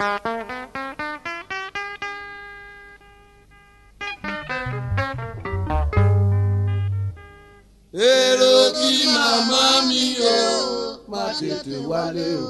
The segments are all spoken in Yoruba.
èrò kí yọ má wálé o.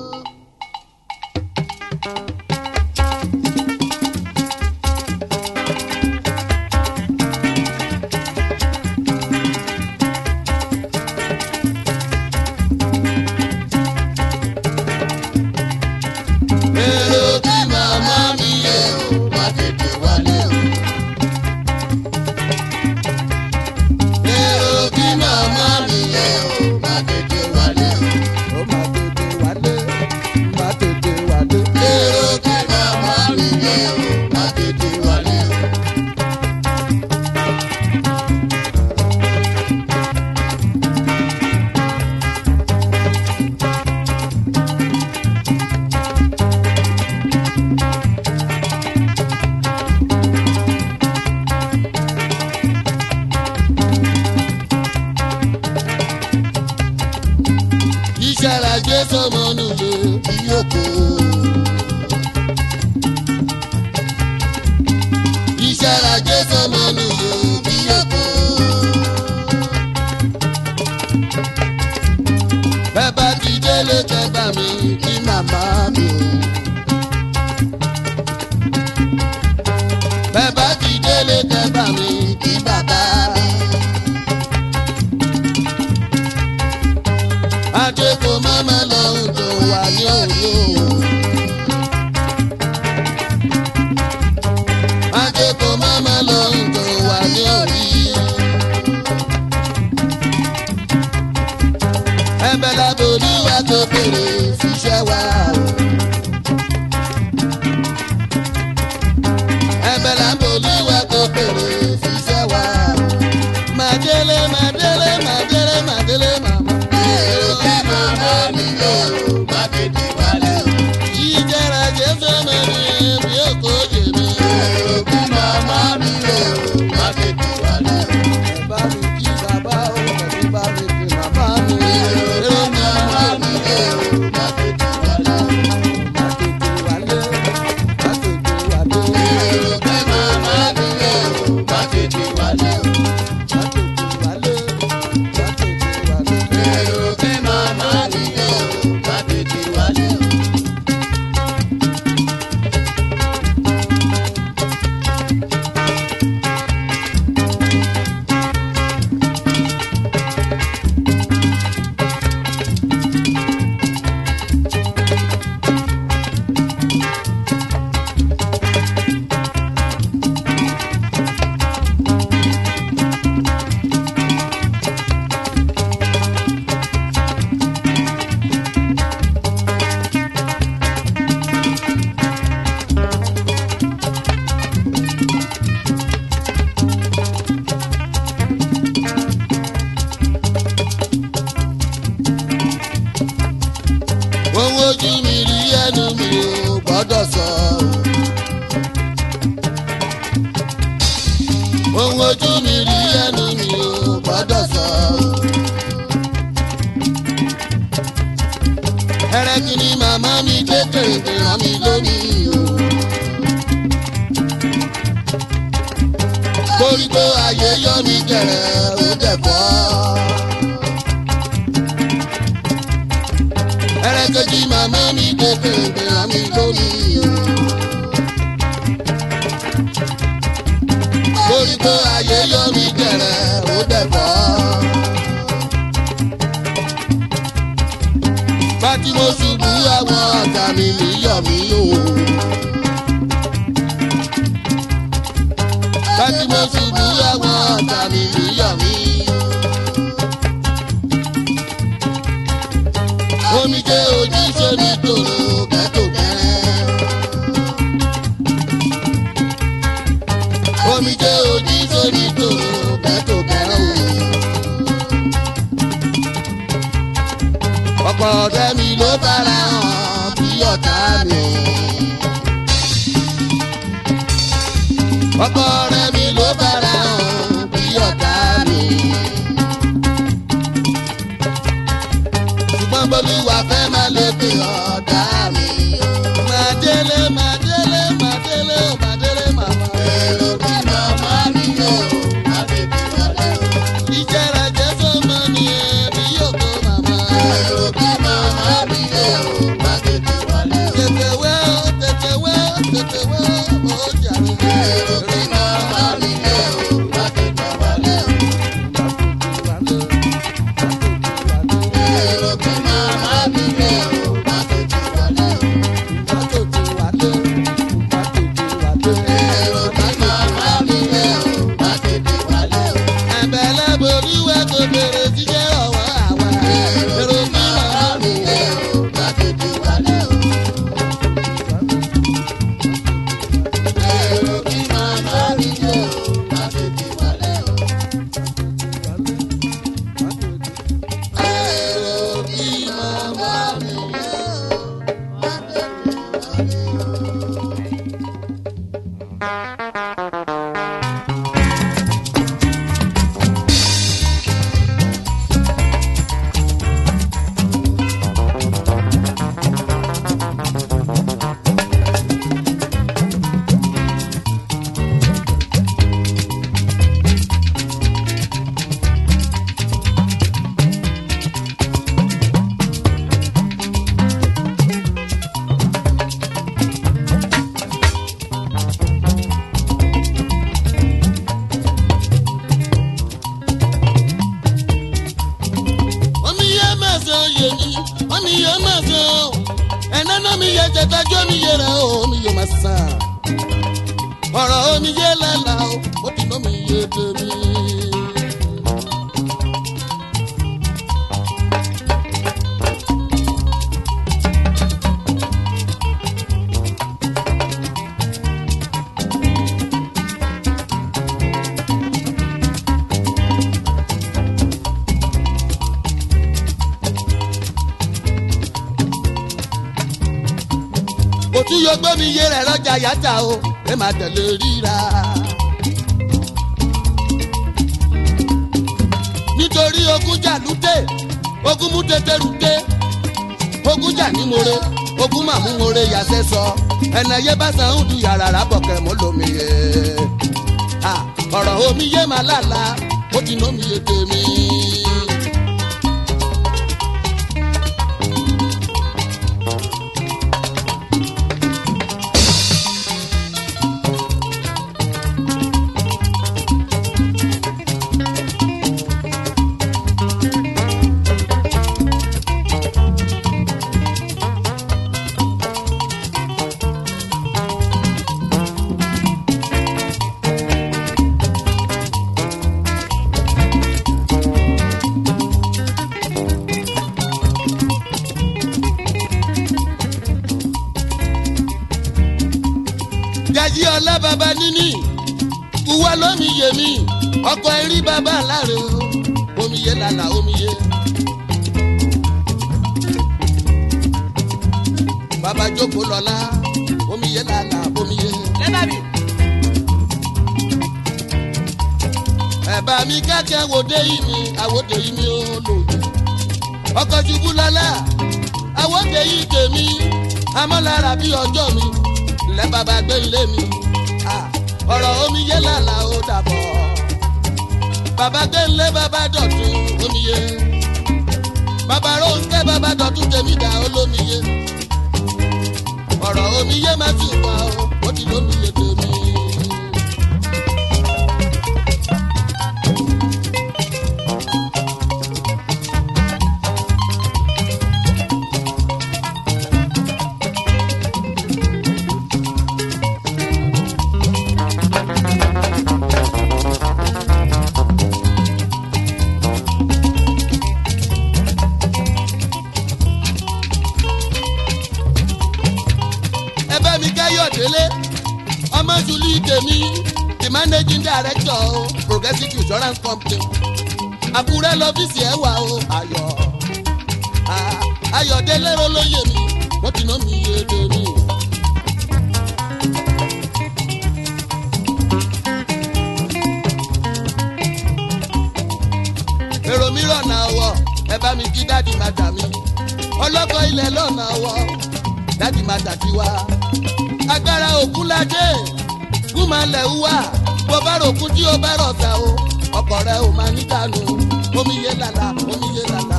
Jésù mọ́nú lè bí òkè. Iṣẹ́ ra Jésù mọ́nú lè bí òkè. Bẹ́ẹ̀ bá ti délé tẹ́gbà mi kí màmá mi mẹ́lẹ̀ òjò wà ní òru. sọ. ohun ojú mi rí ẹnu mi ò gbọ́dọ̀ sọ. ẹrẹ́kì ni màmá mi kékeré ìran mi lónìí o. koríko ayé yọ mi jẹrẹ ó jẹ fọ́. Arekoji màmá mi gbẹgbẹ ìgbéra mi lórí. Lórí pé ayé yọ mí jẹ̀rẹ̀ ó dẹ̀bọ̀. Bátí mo ṣubú àwọn ọ̀tá mi níyọ̀ mí o. ọ̀rẹ́ mi ló fara hàn bí ọ̀tá mi. ọkọ rẹ mi. ọ̀rọ̀ mi yé lẹ́la o ó dì náà mi tèmi. yájà o ẹ máa tẹ̀lé ríra. nítorí ogun jà lúdé ogun mú tètè rúdé ogun jà ní more ogun mà mú more yàtẹ̀ sọ ẹnẹyẹ bá san ń du yàrá rábọ̀kẹ́ mọ́ lómi yẹ. ọ̀rọ̀ omi yé màá lálàá ó ti nómi yé tèmi. èmi ọkọ erí bàbá aláre o omiye lala, omiye. bàbá jókòó lọ́la omiye lala, omiye. lẹ́bàá mi. ẹ̀bà mi kẹ́kẹ́ wòde yìí mi àwòde yìí mi ò lòdì. ọkọ ṣubú lọ́la àwòde yìí tèmi amọ́lára bí ọjọ́ mi lẹ́bàá bá gbé ilé mi ọ̀rọ̀ omi yé làlà ó dàbọ̀ bàbá gbẹ̀lé bàbá dọ̀tún omi yé bàbá rónkẹ́ bàbá dọ̀tún tèmi dà ó lómi yé ọ̀rọ̀ omi yé má tù wá ó ó ti lómi yé. Boutique Insurance Company Àkúrẹ́ lọ́fíìsì ẹ̀ wà o ayọ̀ Ayọ̀délé olóyè mi wọ́n ti ná mi yé lórí. èrò mi rọ̀nà ọwọ́ ẹ bá mi kí dáàdì màdà mi ọlọ́kọ̀ ilẹ̀ lọ́nà ọwọ́ dáàdì màdà ti wá agbára òkú lajẹ́ kú máa lẹ̀ wá bó bá ròkun tí ó bá rọ̀ta o ọkọ̀ rẹ ò máa níta nù omi yé làlà omi yé làlà.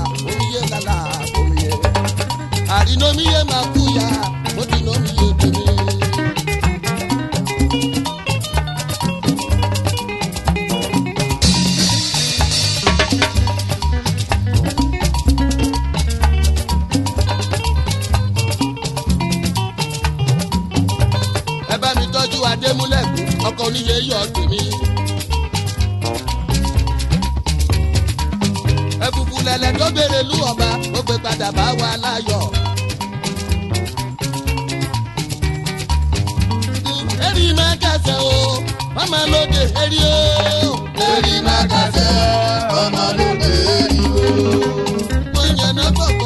kàtẹ́ o mama lóde eré o. eré má kàtẹ́ ọmọ lóde eré o. mo yànnà bọ̀.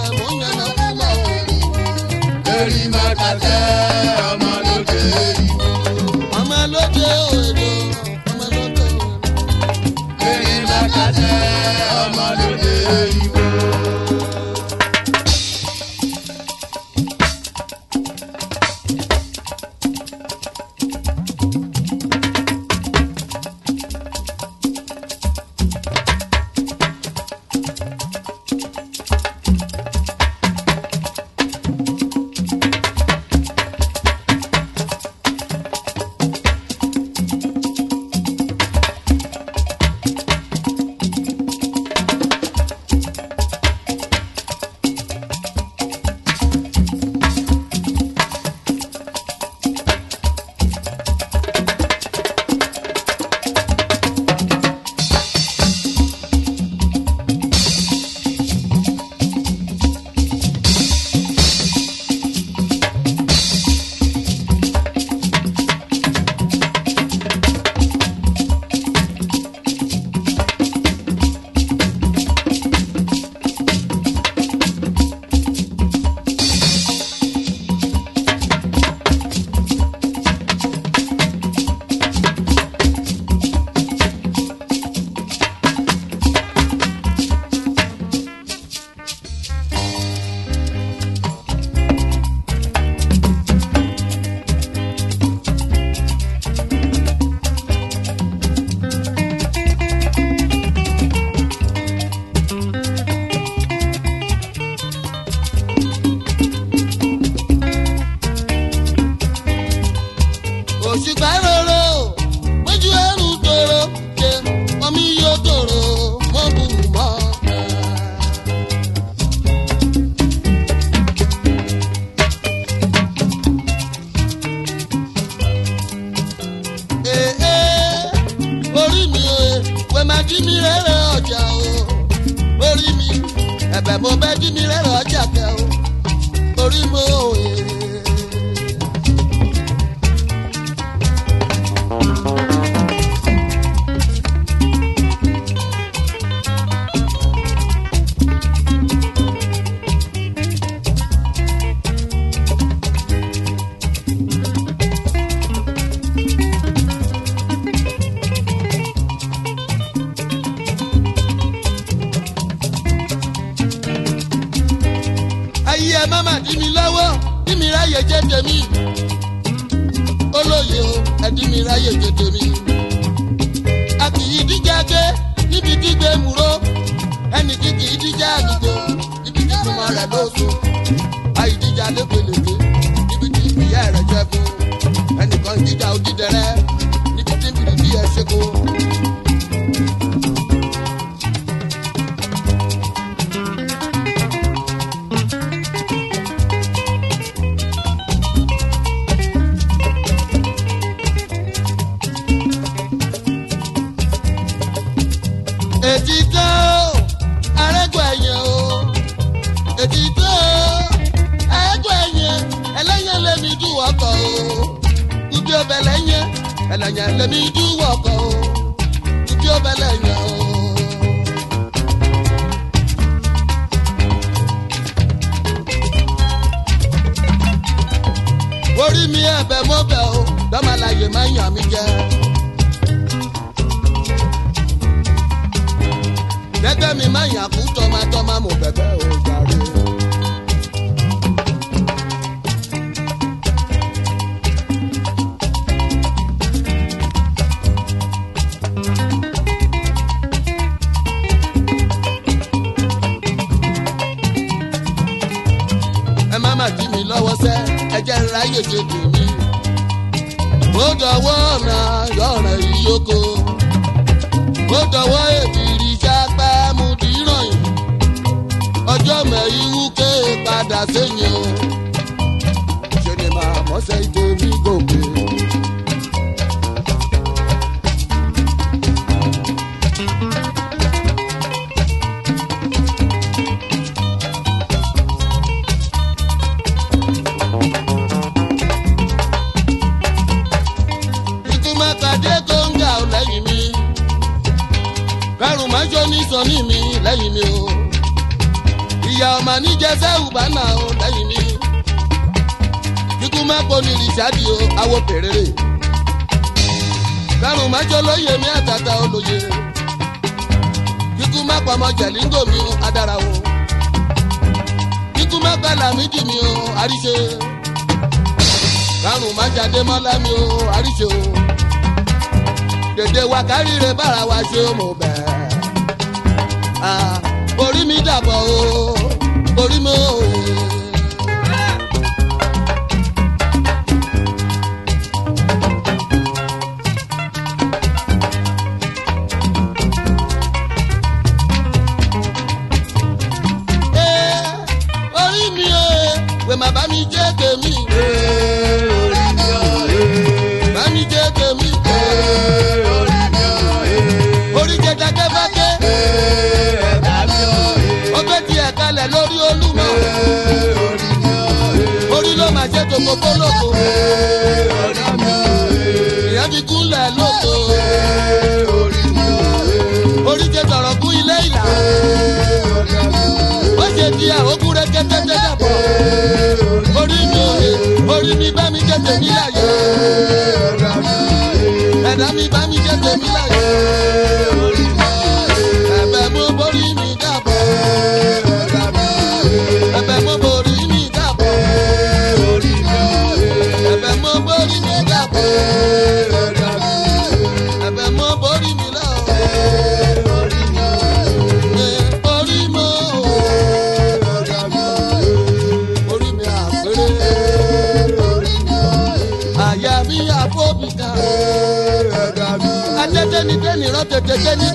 bó bẹ́ jí mi ẹ̀dí mi lọ́wọ́ bí mi ráyè jẹ́ tèmi olóyè o ẹ̀dí mi ráyè jẹ́ tèmi. a kì í díjà dé níbi dígbé múró ẹnì kí kì í díjà àdúgbò ibi tí ìgbìmọ̀ rẹ̀ ló sùn àyè díjà dé pèlèké ibi tí ìyá rẹ̀ jẹ́ fún ẹnìkan díjà òdìdẹrẹ́ níbi tí bìrìdì ẹ̀ ṣe kó. bẹ mo bẹ o lọ́mọláyè má yàn mí jẹ. gẹ́gẹ́ mi má yàn kú tọmatọma mo bẹ̀bẹ̀ o jàre. ẹ má má dí mi lọ́wọ́ sẹ́ ẹ jẹ́ ń ráyè ṣe tèmi ó dọwọ́ ọ̀nà yọ̀nà ìyókò ó dọwọ́ èbìrì jápá mu dìrọ̀yìn ọjọ́ mẹ́yìn wúké padà sẹ́yìn o ṣe ni màá gòkè. ní mi lẹ́yìn mi o ìyá ọmọ níjẹsẹ́ ùbánà o lẹ́yìn mi kíkú mẹ́pọ̀ ní rìṣáàdì o awo pèrèrè kárùn mẹ́jọ lóye mi àtàtà olóye kíkú mẹ́pọ̀ ọmọ jẹ̀língò mi o adára o kíkú mẹ́pọ̀ làmídì mi o àríṣe kárùn májáde mọ́lá mi o àríṣe o dèdè wákàrí rẹ bára wa ṣe mọ̀ bẹ́ẹ̀. mọ̀. orí ló máa jẹ́ tòkòtò lóko. ìyá ti kúnlẹ̀ lóko. orí jẹ́ tọ̀rọ̀ kú ilé ìlà. ó ṣe di àwòkú rẹ̀ kẹ́tẹ́tẹ́ dàpọ̀. orí mi ò lè orí mi bá mi jẹ́ tèmi láyé. ẹ̀dá mi bá mi jẹ́ tèmi láyé. pequeñito.